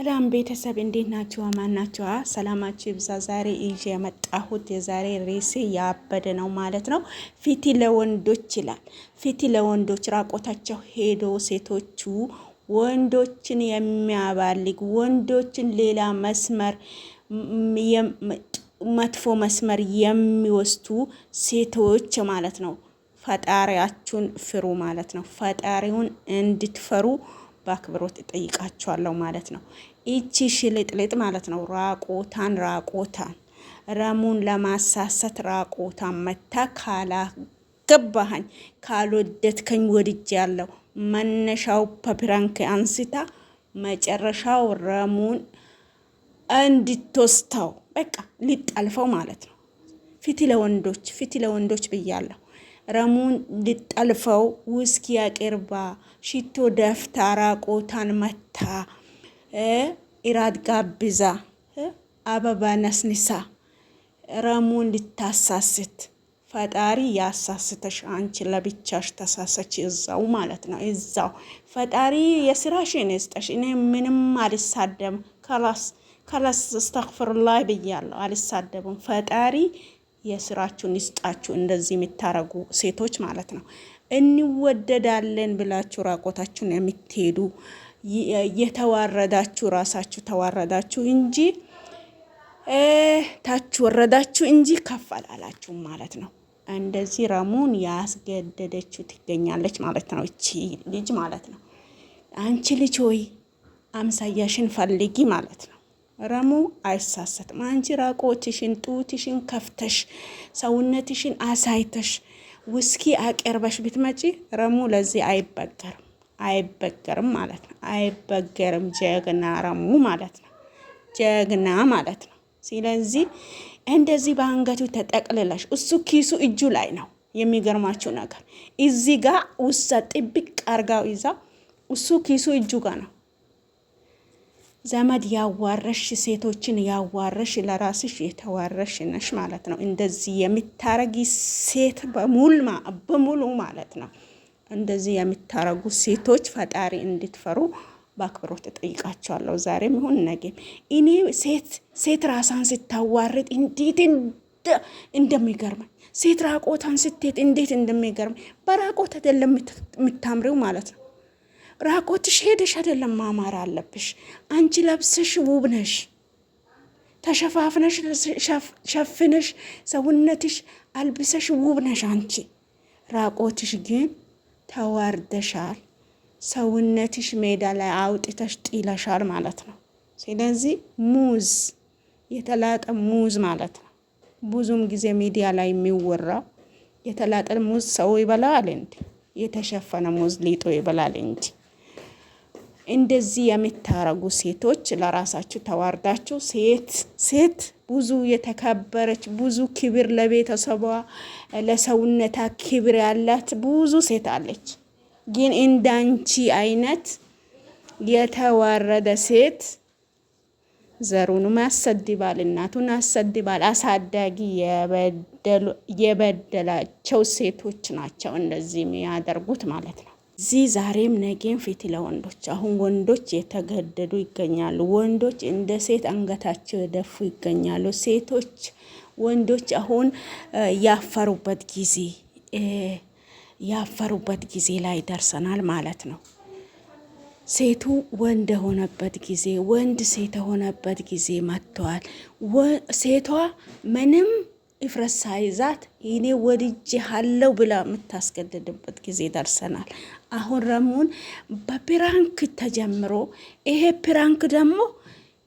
ሰላም ቤተሰብ እንዴት ናችሁ? አማን ናችሁ? ሰላማችሁ ይብዛ። ዛሬ ይዤ የመጣሁት የዛሬ ሬሴ ያበደ ነው ማለት ነው። ፊቲ ለወንዶች ይላል። ፊቲ ለወንዶች ራቆታቸው ሄዶ ሴቶቹ ወንዶችን የሚያባልግ ወንዶችን ሌላ መስመር መጥፎ መስመር የሚወስዱ ሴቶች ማለት ነው። ፈጣሪያችሁን ፍሩ ማለት ነው። ፈጣሪውን እንድትፈሩ በአክብሮት እጠይቃችኋለሁ ማለት ነው። ይቺ ሽልጥልጥ ማለት ነው ራቆታን ራቆታን ረሙን ለማሳሰት ራቆታን መታ ካላገባሃኝ ካልወደድከኝ ወድጅ ያለው መነሻው በፕራንክ አንስታ መጨረሻው ረሙን እንድትወስተው በቃ ሊጠልፈው ማለት ነው። ፊት ለወንዶች ፊት ለወንዶች ብያለሁ። ረሙን ልጠልፈው ውስኪ ያቅርባ ሽቶ ደፍታ ራቆታን መታ ኢራድ ጋብዛ አበባ ነስንሳ ረሙን ልታሳስት ፈጣሪ ያሳስተሽ አንቺ ለብቻሽ ተሳሰች እዛው ማለት ነው። እዛው ፈጣሪ የስራሽን ይስጠሽ። እኔ ምንም አልሳደብም። ከላስ ከላስ እስተግፍርላይ ብያለሁ። አልሳደብም ፈጣሪ የስራችሁን ይስጣችሁ። እንደዚህ የሚታረጉ ሴቶች ማለት ነው። እንወደዳለን ብላችሁ ራቆታችሁን የምትሄዱ የተዋረዳችሁ ራሳችሁ ተዋረዳችሁ እንጂ ታች ወረዳችሁ እንጂ ከፍ አላላችሁ ማለት ነው። እንደዚህ ረሙን ያስገደደችው ትገኛለች ማለት ነው። እቺ ልጅ ማለት ነው። አንቺ ልጅ ሆይ አምሳያሽን ፈልጊ ማለት ነው። ረሞ አይሳሰትም። አንቺ ራቆትሽን ጡትሽን ከፍተሽ ሰውነትሽን አሳይተሽ ውስኪ አቀርበሽ ብትመጪ ረሙ ለዚህ አይበገርም አይበገርም ማለት ነው። አይበገርም ጀግና ረሙ ማለት ነው። ጀግና ማለት ነው። ስለዚህ እንደዚህ በአንገቱ ተጠቅልለሽ እሱ ኪሱ እጁ ላይ ነው። የሚገርማችሁ ነገር እዚህ ጋር ውሳ ጥብቅ አርጋው ይዛ እሱ ኪሱ እጁ ጋር ነው። ዘመድ ያዋረሽ፣ ሴቶችን ያዋረሽ፣ ለራስሽ የተዋረሽ ነሽ ማለት ነው። እንደዚህ የምታረጊ ሴት በሙልማ በሙሉ ማለት ነው። እንደዚህ የሚታረጉ ሴቶች ፈጣሪ እንድትፈሩ በአክብሮት ጠይቃቸዋለሁ ዛሬም ይሁን ነገም እኔ ሴት ሴት ራሳን ስታዋርጥ እንዴት እንደሚገርመኝ ሴት ራቆታን ስትሄድ እንዴት እንደሚገርመኝ በራቆት አይደለም የምታምሪው ማለት ነው ራቆትሽ ሄደሽ አይደለም ማማር አለብሽ። አንቺ ለብሰሽ ውብ ነሽ፣ ተሸፋፍነሽ ሸፍነሽ ሰውነትሽ አልብሰሽ ውብ ነሽ አንቺ። ራቆትሽ ግን ተዋርደሻል፣ ሰውነትሽ ሜዳ ላይ አውጥተሽ ጢለሻል ማለት ነው። ስለዚህ ሙዝ የተላጠ ሙዝ ማለት ነው። ብዙም ጊዜ ሚዲያ ላይ የሚወራው የተላጠ ሙዝ ሰው ይበላል እንጂ የተሸፈነ ሙዝ ሊጦ ይበላል እንጂ እንደዚህ የምታረጉ ሴቶች ለራሳችሁ ተዋርዳችሁ ሴት ሴት ብዙ የተከበረች ብዙ ክብር ለቤተሰቧ ለሰውነታ ክብር ያላት ብዙ ሴት አለች። ግን እንዳንቺ አይነት የተዋረደ ሴት ዘሩንም ያሰድባል፣ እናቱን አሰድባል። አሳዳጊ የበደላቸው ሴቶች ናቸው እንደዚህ የሚያደርጉት ማለት ነው። እዚህ ዛሬም ነገም ፊት ለወንዶች አሁን ወንዶች የተገደዱ ይገኛሉ። ወንዶች እንደ ሴት አንገታቸው የደፉ ይገኛሉ። ሴቶች ወንዶች አሁን ያፈሩበት ጊዜ ያፈሩበት ጊዜ ላይ ደርሰናል ማለት ነው። ሴቱ ወንድ የሆነበት ጊዜ፣ ወንድ ሴት የሆነበት ጊዜ መጥተዋል። ሴቷ ምንም እፍረት ሳይዛት እኔ ወድጄሃለሁ ብላ የምታስገድድበት ጊዜ ደርሰናል። አሁን ረሙን በፕራንክ ተጀምሮ ይሄ ፕራንክ ደግሞ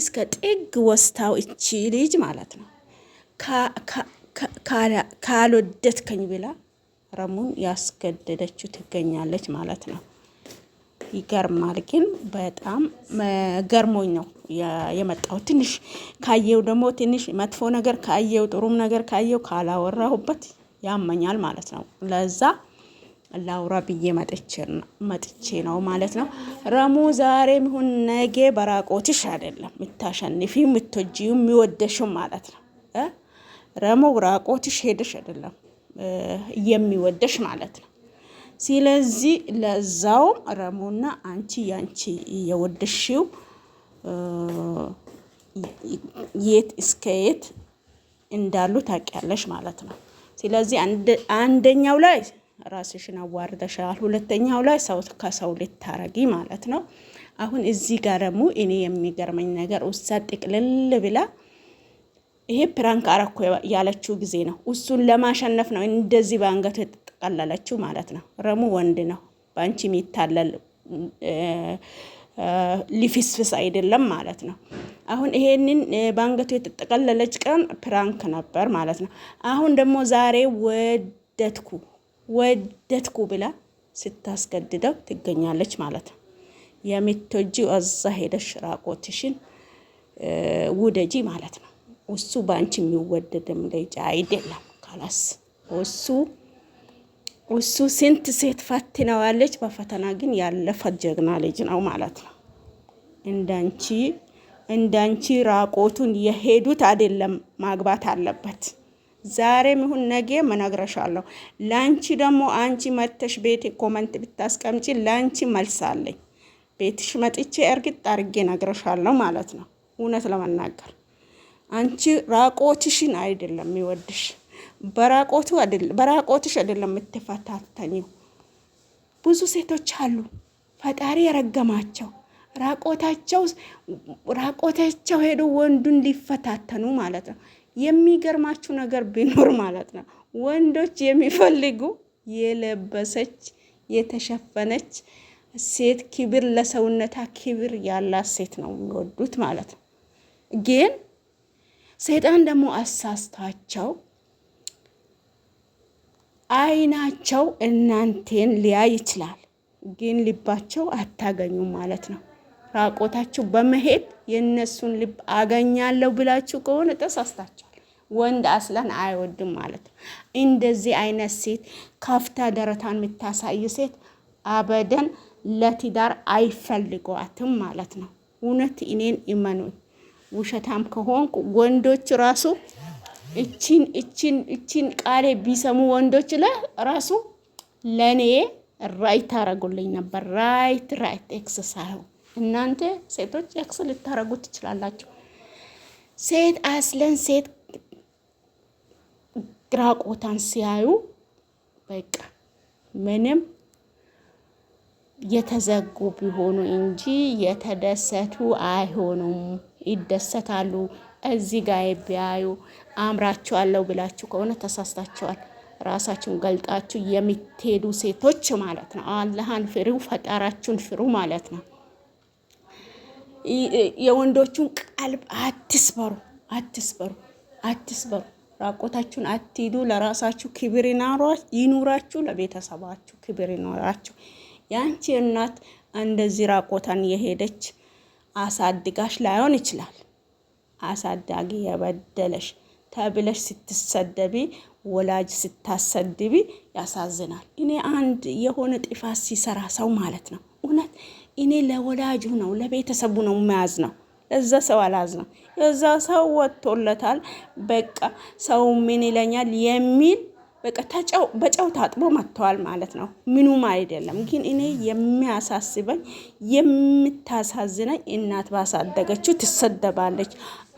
እስከ ጥግ ወስታው እቺ ልጅ ማለት ነው ካልወደትከኝ ብላ ረሙን ያስገደደችው ትገኛለች ማለት ነው። ይገርማል። ግን በጣም ገርሞኝ ነው የመጣው። ትንሽ ካየው ደግሞ ትንሽ መጥፎ ነገር ካየው፣ ጥሩም ነገር ካየው ካላወራሁበት ያመኛል ማለት ነው። ለዛ ላውራ ብዬ መጥቼ ነው ማለት ነው። ረሙ ዛሬም ይሁን ነገ በራቆትሽ አይደለም የምታሸንፊ የምትወጂው የሚወደሽው ማለት ነው። ረሙ ራቆትሽ ሄደሽ አይደለም የሚወደሽ ማለት ነው። ስለዚህ ለዛውም ረሙና አንቺ ያንቺ የወደሽው የት እስከ የት እንዳሉ ታውቂያለሽ ማለት ነው። ስለዚህ አንደኛው ላይ ራስሽን አዋርደሻል፣ ሁለተኛው ላይ ሰው ከሰው ልታረጊ ማለት ነው። አሁን እዚህ ጋር ደግሞ እኔ የሚገርመኝ ነገር ውሳ ጥቅልል ብላ ይሄ ፕራንክ አረኮ ያለችው ጊዜ ነው። እሱን ለማሸነፍ ነው እንደዚህ በአንገት ቀለለችው ማለት ነው። ረሙ ወንድ ነው፣ በአንቺ የሚታለል ሊፍስፍስ አይደለም ማለት ነው። አሁን ይሄንን በአንገቱ የተጠቀለለች ቀን ፕራንክ ነበር ማለት ነው። አሁን ደግሞ ዛሬ ወደትኩ ወደትኩ ብላ ስታስገድደው ትገኛለች ማለት ነው። የምትወጂው እዛ ሄደሽ ራቆትሽን ውደጂ ማለት ነው። እሱ በአንቺ የሚወደድም ልጅ አይደለም። ካላስ እሱ እሱ ስንት ሴት ፈትነዋለች። በፈተና ግን ያለፈ ጀግና ልጅ ነው ማለት ነው። እንዳንቺ እንዳንቺ ራቆቱን የሄዱት አይደለም። ማግባት አለበት ዛሬም ይሁን ነገ እነግርሻለሁ። ላንቺ ደግሞ አንቺ መተሽ ቤት ኮመንት ብታስቀምጪ መልስ መልሳለኝ። ቤትሽ መጥቼ እርግጥ አርጌ ነግረሻለሁ ማለት ነው። እውነት ለመናገር አንቺ ራቆትሽን አይደለም ይወድሽ በራቆቱ በራቆትሽ አይደለም የምትፈታተኝው። ብዙ ሴቶች አሉ ፈጣሪ የረገማቸው ራቆታቸው ራቆታቸው ሄዶ ወንዱን ሊፈታተኑ ማለት ነው። የሚገርማችሁ ነገር ቢኖር ማለት ነው ወንዶች የሚፈልጉ የለበሰች የተሸፈነች ሴት ክብር ለሰውነታ ክብር ያላት ሴት ነው የሚወዱት ማለት ነው። ግን ሴጣን ደግሞ አሳስቷቸው አይናቸው እናንቴን ሊያይ ይችላል፣ ግን ልባቸው አታገኙም ማለት ነው። ራቆታችሁ በመሄድ የእነሱን ልብ አገኛለሁ ብላችሁ ከሆነ ተሳስታችኋል። ወንድ አስለን አይወድም ማለት ነው። እንደዚህ አይነት ሴት ከፍታ ደረታን የምታሳይ ሴት አበደን ለትዳር አይፈልገዋትም ማለት ነው። እውነት እኔን እመኑኝ፣ ውሸታም ከሆንኩ ወንዶች ራሱ እቺን እቺን እቺን ቃሌ ቢሰሙ ወንዶች ለራሱ ለኔ ራይት አረጉልኝ ነበር። ራይት ራይት ኤክስ ሳይሆን እናንተ ሴቶች ኤክስ ልታረጉ ትችላላችሁ። ሴት አስለን ሴት ግራቆታን ሲያዩ በቃ ምንም የተዘጉ ቢሆኑ እንጂ የተደሰቱ አይሆኑም። ይደሰታሉ። እዚህ ጋር ቢያዩ አምራችኋለሁ ብላችሁ ከሆነ ተሳስታችኋል። ራሳችሁን ገልጣችሁ የምትሄዱ ሴቶች ማለት ነው። አላህን ፍሪው ፈጣራችሁን ፍሩ ማለት ነው። የወንዶቹን ቀልብ አትስበሩ፣ አትስበሩ፣ አትስበሩ። ራቆታችሁን አትሂዱ። ለራሳችሁ ክብር ይኑራችሁ፣ ለቤተሰባችሁ ክብር ይኖራችሁ። ያንቺ እናት እንደዚህ ራቆታን የሄደች አሳድጋሽ ላይሆን ይችላል አሳዳጊ የበደለሽ ተብለሽ ስትሰደቢ ወላጅ ስታሰድቢ ያሳዝናል። እኔ አንድ የሆነ ጥፋት ሲሰራ ሰው ማለት ነው እውነት እኔ ለወላጁ ነው ለቤተሰቡ ነው መያዝ ነው እዛ ሰው አላዝ ነው የዛ ሰው ወጥቶለታል። በቃ ሰው ምን ይለኛል የሚል በቃ በጨው ታጥቦ መጥተዋል ማለት ነው። ምኑም አይደለም። ግን እኔ የሚያሳስበኝ የምታሳዝነኝ እናት ባሳደገችው ትሰደባለች፣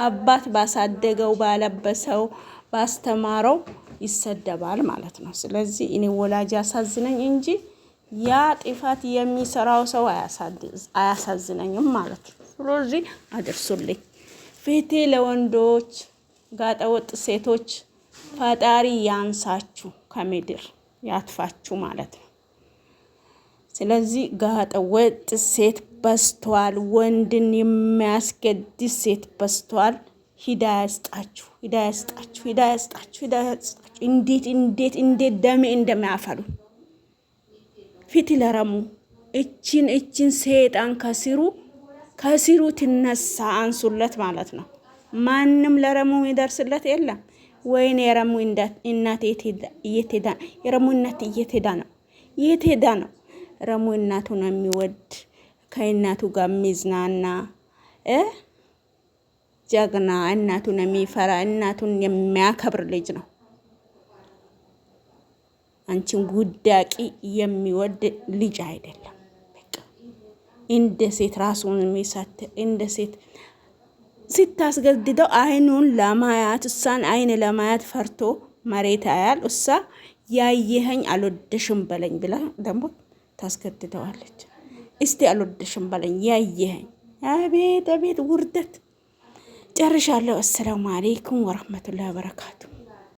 አባት ባሳደገው ባለበሰው ባስተማረው ይሰደባል ማለት ነው። ስለዚህ እኔ ወላጅ ያሳዝነኝ እንጂ ያ ጥፋት የሚሰራው ሰው አያሳዝነኝም ማለት ነው። ስለዚህ አድርሱልኝ። ፊቴ ለወንዶች ጋጠወጥ ሴቶች ፈጣሪ ያንሳችሁ ከምድር ያጥፋችሁ ማለት ነው። ስለዚህ ጋጠ ወጥ ሴት በዝቷል። ወንድን የሚያስገድ ሴት በዝቷል። ሂዳ ያስጣችሁ፣ ሂዳ ያስጣችሁ፣ ሂዳ ያስጣችሁ፣ ሂዳ ያስጣችሁ። እንዴት እንዴት እንዴት ደሜ እንደሚያፈሉ ፊት ለረሙ እችን እችን ሴጣን ከስሩ ከስሩ ትነሳ አንሱለት ማለት ነው። ማንም ለረሙ ይደርስለት የለም። ወይኔ የረሙ እናት የት የረሙ እናት የት ነው? የት ነው? ረሙ እናቱ ነው የሚወድ ከእናቱ ጋር የሚዝናና ጀግና፣ እናቱን የሚፈራ እናቱን የሚያከብር ልጅ ነው። አንቺን ጉዳቂ የሚወድ ልጅ አይደለም። እንደ ሴት ራሱን የሚሳት እንደ ሴት ስታስገድደው አይኑን ለማያት እሷን አይን ለማያት ፈርቶ መሬት አያል እሷ ያየኸኝ አልወደሽም በለኝ ብላ ደግሞ ታስገድደዋለች። እስቲ አልወደሽም በለኝ ያየኸኝ። አቤት አቤት ውርደት! ጨርሻለሁ። አሰላሙ አሌይኩም ወረህመቱላህ በረካቱ